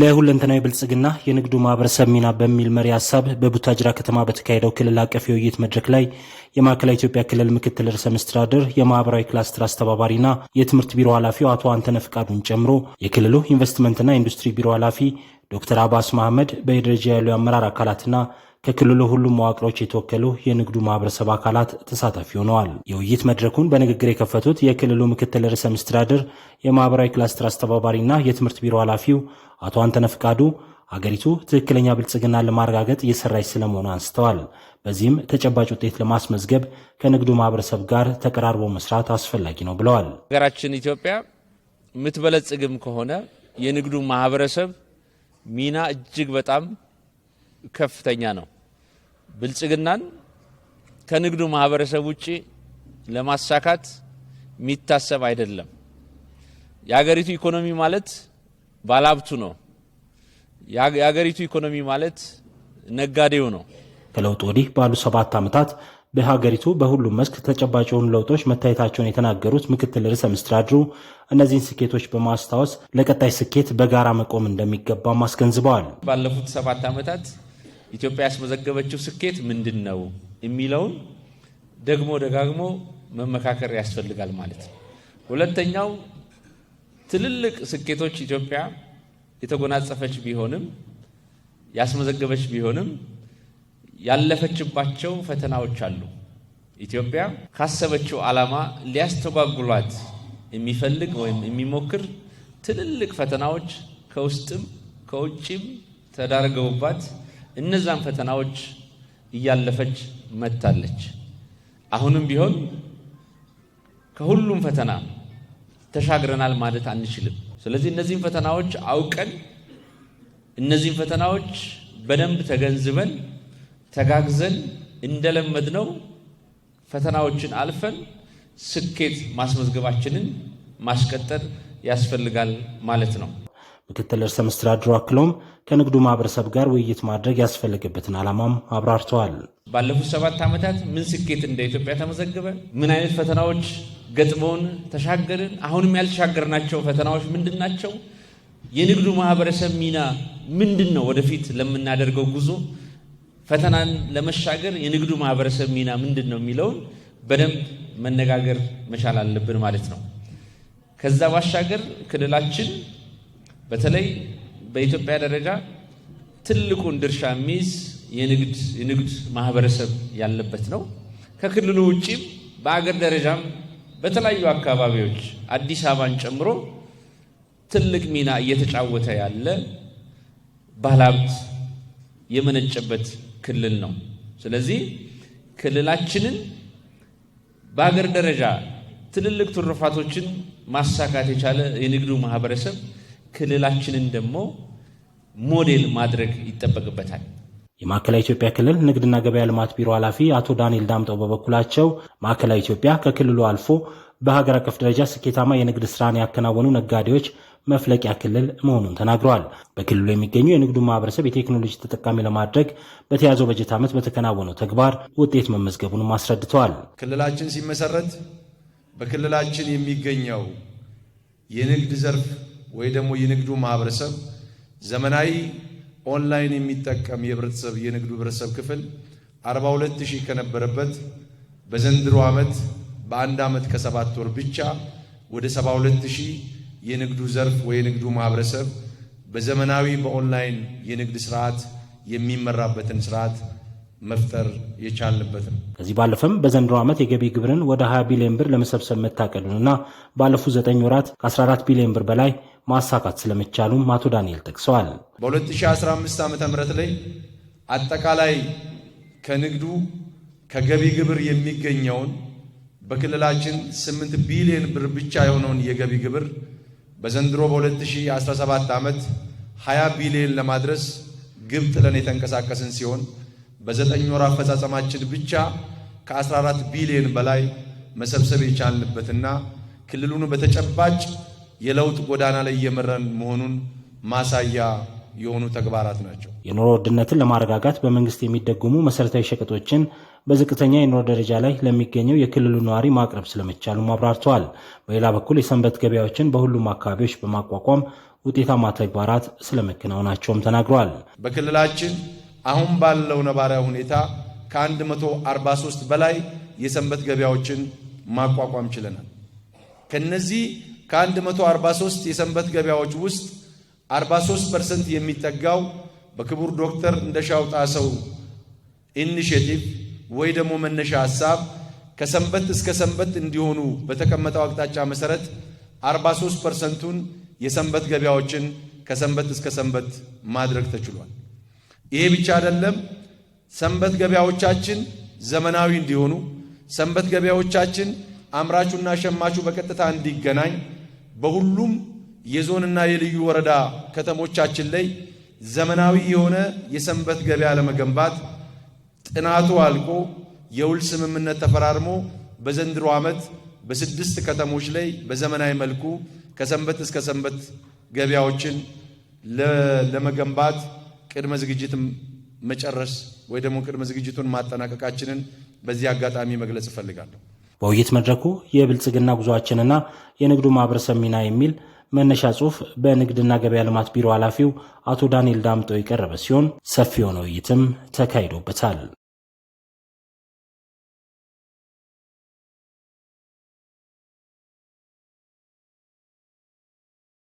ለሁለንተናዊ ብልጽግና የንግዱ ማህበረሰብ ሚና በሚል መሪ ሀሳብ በቡታጅራ ከተማ በተካሄደው ክልል አቀፍ የውይይት መድረክ ላይ የማዕከላዊ ኢትዮጵያ ክልል ምክትል ርዕሰ መስተዳድር የማህበራዊ ክላስተር አስተባባሪና የትምህርት ቢሮ ኃላፊው አቶ አንተነ ፍቃዱን ጨምሮ የክልሉ ኢንቨስትመንትና ኢንዱስትሪ ቢሮ ኃላፊ ዶክተር አባስ መሐመድ በየደረጃ ያሉ የአመራር አካላትና ከክልሉ ሁሉም መዋቅሮች የተወከሉ የንግዱ ማህበረሰብ አካላት ተሳታፊ ሆነዋል። የውይይት መድረኩን በንግግር የከፈቱት የክልሉ ምክትል ርዕሰ መስተዳድር የማህበራዊ ክላስተር አስተባባሪና የትምህርት ቢሮ ኃላፊው አቶ አንተነ ፍቃዱ አገሪቱ ትክክለኛ ብልጽግና ለማረጋገጥ እየሰራች ስለመሆኑ አንስተዋል። በዚህም ተጨባጭ ውጤት ለማስመዝገብ ከንግዱ ማህበረሰብ ጋር ተቀራርቦ መስራት አስፈላጊ ነው ብለዋል። ሀገራችን ኢትዮጵያ የምትበለጽግም ከሆነ የንግዱ ማህበረሰብ ሚና እጅግ በጣም ከፍተኛ ነው። ብልጽግናን ከንግዱ ማህበረሰብ ውጭ ለማሳካት የሚታሰብ አይደለም። የሀገሪቱ ኢኮኖሚ ማለት ባለሀብቱ ነው። የሀገሪቱ ኢኮኖሚ ማለት ነጋዴው ነው። ከለውጥ ወዲህ ባሉ ሰባት ዓመታት በሀገሪቱ በሁሉም መስክ ተጨባጭ የሆኑ ለውጦች መታየታቸውን የተናገሩት ምክትል ርዕሰ መስተዳድሩ እነዚህን ስኬቶች በማስታወስ ለቀጣይ ስኬት በጋራ መቆም እንደሚገባም አስገንዝበዋል። ባለፉት ሰባት ዓመታት ኢትዮጵያ ያስመዘገበችው ስኬት ምንድን ነው የሚለውን ደግሞ ደጋግሞ መመካከር ያስፈልጋል ማለት ነው። ሁለተኛው ትልልቅ ስኬቶች ኢትዮጵያ የተጎናጸፈች ቢሆንም ያስመዘገበች ቢሆንም ያለፈችባቸው ፈተናዎች አሉ። ኢትዮጵያ ካሰበችው ዓላማ ሊያስተጓጉሏት የሚፈልግ ወይም የሚሞክር ትልልቅ ፈተናዎች ከውስጥም ከውጭም ተዳርገውባት እነዛን ፈተናዎች እያለፈች መጥታለች። አሁንም ቢሆን ከሁሉም ፈተና ተሻግረናል ማለት አንችልም። ስለዚህ እነዚህን ፈተናዎች አውቀን እነዚህን ፈተናዎች በደንብ ተገንዝበን ተጋግዘን እንደለመድነው ፈተናዎችን አልፈን ስኬት ማስመዝገባችንን ማስቀጠል ያስፈልጋል ማለት ነው። ምክትል ርዕሰ መስተዳድሩ አክለውም ከንግዱ ማህበረሰብ ጋር ውይይት ማድረግ ያስፈለገበትን ዓላማም አብራርተዋል። ባለፉት ሰባት ዓመታት ምን ስኬት እንደ ኢትዮጵያ ተመዘገበ? ምን አይነት ፈተናዎች ገጥመውን ተሻገርን? አሁንም ያልተሻገርናቸው ፈተናዎች ምንድን ናቸው? የንግዱ ማህበረሰብ ሚና ምንድን ነው? ወደፊት ለምናደርገው ጉዞ ፈተናን ለመሻገር የንግዱ ማህበረሰብ ሚና ምንድን ነው የሚለውን በደንብ መነጋገር መቻል አለብን ማለት ነው። ከዛ ባሻገር ክልላችን በተለይ በኢትዮጵያ ደረጃ ትልቁን ድርሻ የሚይዝ የንግድ የንግድ ማህበረሰብ ያለበት ነው። ከክልሉ ውጭም በአገር ደረጃም በተለያዩ አካባቢዎች አዲስ አበባን ጨምሮ ትልቅ ሚና እየተጫወተ ያለ ባለሀብት የመነጨበት ክልል ነው። ስለዚህ ክልላችንን በአገር ደረጃ ትልልቅ ትሩፋቶችን ማሳካት የቻለ የንግዱ ማህበረሰብ ክልላችንን ደግሞ ሞዴል ማድረግ ይጠበቅበታል። የማዕከላዊ ኢትዮጵያ ክልል ንግድና ገበያ ልማት ቢሮ ኃላፊ አቶ ዳንኤል ዳምጠው በበኩላቸው ማዕከላዊ ኢትዮጵያ ከክልሉ አልፎ በሀገር አቀፍ ደረጃ ስኬታማ የንግድ ስራን ያከናወኑ ነጋዴዎች መፍለቂያ ክልል መሆኑን ተናግረዋል። በክልሉ የሚገኙ የንግዱ ማህበረሰብ የቴክኖሎጂ ተጠቃሚ ለማድረግ በተያዘው በጀት ዓመት በተከናወነው ተግባር ውጤት መመዝገቡንም አስረድተዋል። ክልላችን ሲመሰረት በክልላችን የሚገኘው የንግድ ዘርፍ ወይ ደግሞ የንግዱ ማህበረሰብ ዘመናዊ ኦንላይን የሚጠቀም የህብረተሰብ የንግዱ ህብረተሰብ ክፍል 42 ሺህ ከነበረበት በዘንድሮ ዓመት በአንድ ዓመት ከሰባት ወር ብቻ ወደ 72 ሺህ የንግዱ ዘርፍ ወይ የንግዱ ማህበረሰብ በዘመናዊ በኦንላይን የንግድ ስርዓት የሚመራበትን ስርዓት መፍጠር የቻልንበት ነው። ከዚህ ባለፈም በዘንድሮ ዓመት የገቢ ግብርን ወደ 20 ቢሊዮን ብር ለመሰብሰብ እና ባለፉት 9 ወራት ከ14 ቢሊዮን ብር በላይ ማሳካት ስለመቻሉም አቶ ዳንኤል ጠቅሰዋል። በ2015 ዓ ም ላይ አጠቃላይ ከንግዱ ከገቢ ግብር የሚገኘውን በክልላችን 8 ቢሊዮን ብር ብቻ የሆነውን የገቢ ግብር በዘንድሮ በ2017 ዓመት 20 ቢሊዮን ለማድረስ ግብ ጥለን የተንቀሳቀስን ሲሆን በዘጠኝ ወር አፈጻጸማችን ብቻ ከ14 ቢሊዮን በላይ መሰብሰብ የቻልንበትና ክልሉን በተጨባጭ የለውጥ ጎዳና ላይ እየመራን መሆኑን ማሳያ የሆኑ ተግባራት ናቸው። የኑሮ ውድነትን ለማረጋጋት በመንግስት የሚደጉሙ መሰረታዊ ሸቀጦችን በዝቅተኛ የኑሮ ደረጃ ላይ ለሚገኘው የክልሉ ነዋሪ ማቅረብ ስለመቻሉም አብራርተዋል። በሌላ በኩል የሰንበት ገበያዎችን በሁሉም አካባቢዎች በማቋቋም ውጤታማ ተግባራት ስለመከናወናቸውም ተናግረዋል። በክልላችን አሁን ባለው ነባሪያ ሁኔታ ከ143 በላይ የሰንበት ገበያዎችን ማቋቋም ችለናል። ከነዚህ ከ143 የሰንበት ገበያዎች ውስጥ 43 ፐርሰንት የሚጠጋው በክቡር ዶክተር እንደሻው ጣሰው ኢኒሽቲቭ ወይ ደግሞ መነሻ ሀሳብ ከሰንበት እስከ ሰንበት እንዲሆኑ በተቀመጠው አቅጣጫ መሰረት 43 ፐርሰንቱን የሰንበት ገበያዎችን ከሰንበት እስከ ሰንበት ማድረግ ተችሏል። ይሄ ብቻ አይደለም። ሰንበት ገበያዎቻችን ዘመናዊ እንዲሆኑ ሰንበት ገበያዎቻችን አምራቹና ሸማቹ በቀጥታ እንዲገናኝ በሁሉም የዞንና የልዩ ወረዳ ከተሞቻችን ላይ ዘመናዊ የሆነ የሰንበት ገበያ ለመገንባት ጥናቱ አልቆ የውል ስምምነት ተፈራርሞ በዘንድሮ ዓመት በስድስት ከተሞች ላይ በዘመናዊ መልኩ ከሰንበት እስከ ሰንበት ገበያዎችን ለመገንባት ቅድመ ዝግጅት መጨረስ ወይ ደግሞ ቅድመ ዝግጅቱን ማጠናቀቃችንን በዚህ አጋጣሚ መግለጽ እፈልጋለሁ። በውይይት መድረኩ የብልጽግና ጉዞአችንና የንግዱ ማህበረሰብ ሚና የሚል መነሻ ጽሑፍ በንግድና ገበያ ልማት ቢሮ ኃላፊው አቶ ዳንኤል ዳምጦ የቀረበ ሲሆን ሰፊ የሆነ ውይይትም ተካሂዶበታል።